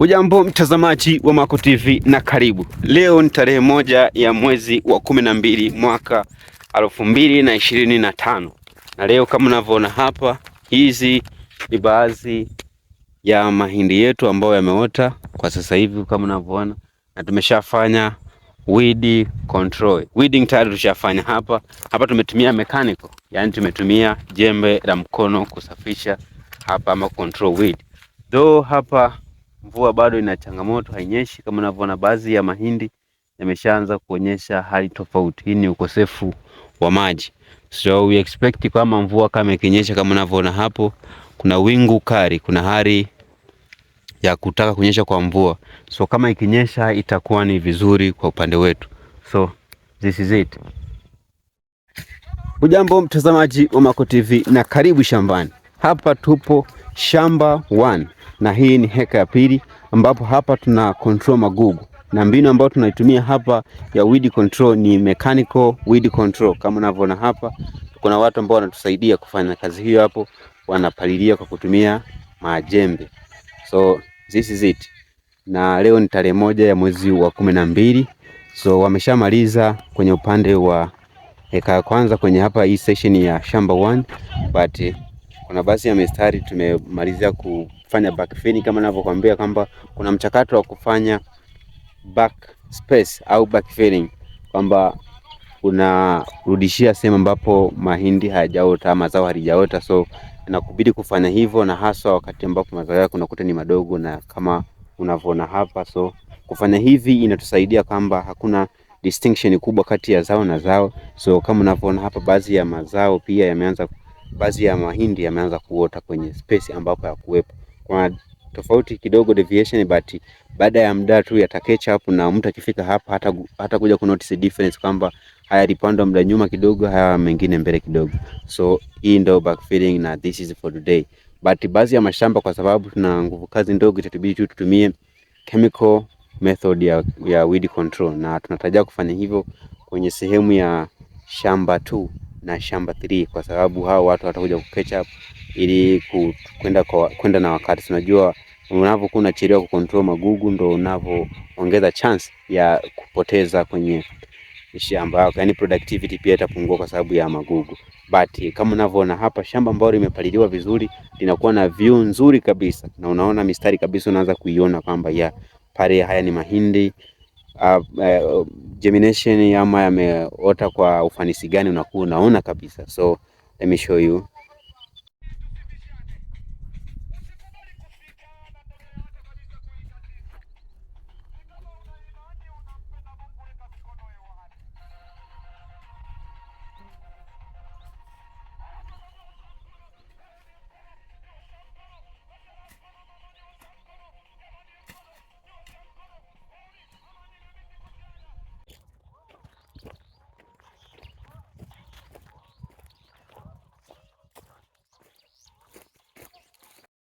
Ujambo mtazamaji wa Maco TV na karibu. Leo ni tarehe moja ya mwezi wa kumi na mbili mwaka elfu mbili na ishirini na tano na leo kama unavyoona hapa, hizi ni baadhi ya mahindi yetu ambayo yameota kwa sasa hivi kama unavyoona, na tumeshafanya weed control. Weeding tayari tushafanya hapa hapa, tumetumia mechanical, yani tumetumia jembe la mkono kusafisha hapa ama control weed. Though hapa mvua bado ina changamoto, hainyeshi kama unavyoona. Baadhi ya mahindi yameshaanza kuonyesha hali tofauti. Hii ni ukosefu wa maji, so we expect kama mvua kama ikinyesha, kama unavyoona hapo, kuna wingu kali, kuna hali ya kutaka kunyesha kwa mvua. So kama ikinyesha itakuwa ni vizuri kwa upande wetu. So this is it. Ujambo mtazamaji wa Mako TV na karibu shambani. Hapa tupo Shamba 1 na hii ni heka ya pili, ambapo hapa tuna control magugu na mbinu ambayo tunaitumia hapa ya weed control ni mechanical weed control. Kama unavyoona hapa, kuna watu ambao wanatusaidia kufanya kazi hiyo, hapo wanapalilia kwa kutumia majembe. So this is it, na leo ni tarehe moja ya mwezi wa kumi na mbili. So wameshamaliza kwenye upande wa heka ya kwanza kwenye hapa hii session ya shamba 1 but kuna basi ya mistari tumemalizia kufanya backfilling, kama ninavyokuambia kwamba kuna mchakato wa kufanya back space au backfilling, kwamba unarudishia sehemu ambapo mahindi hayajaota, mazao halijaota, so inakubidi kufanya hivyo, na haswa wakati ambapo mazao yako unakuta ni madogo, na kama unavyoona hapa. So kufanya hivi inatusaidia kwamba hakuna distinction kubwa kati ya zao na zao. So kama unavyoona hapa, baadhi ya mazao pia yameanza baadhi ya mahindi yameanza kuota kwenye space ambapo yakuwepo. Kuna tofauti kidogo deviation, but baada ya muda tu yata catch up, na mtu akifika hapa hata, hata kuja kunotice difference kwamba haya yalipandwa muda nyuma kidogo, haya mengine mbele kidogo. So hii ndio backfilling na this is for today, but baadhi ya mashamba kwa sababu tuna nguvu kazi ndogo, itatubidi tu tutumie chemical method ya, ya weed control, na tunatarajia kufanya hivyo kwenye sehemu ya shamba tu na shamba 3 kwa sababu hao watu watakuja ku catch up ili kwenda kwenda na wakati. Unajua, unapokuwa unachelewa ku control magugu ndio unavyoongeza chance ya kupoteza kwenye shamba yako, yani productivity pia itapungua kwa sababu ya magugu. But kama unavyoona hapa, shamba ambalo limepaliliwa vizuri linakuwa na view nzuri kabisa, na unaona mistari kabisa, unaanza kuiona kwamba ya pale, haya ni mahindi. Uh, uh, germination ama yameota kwa ufanisi gani unakuwa unaona kabisa. So let me show you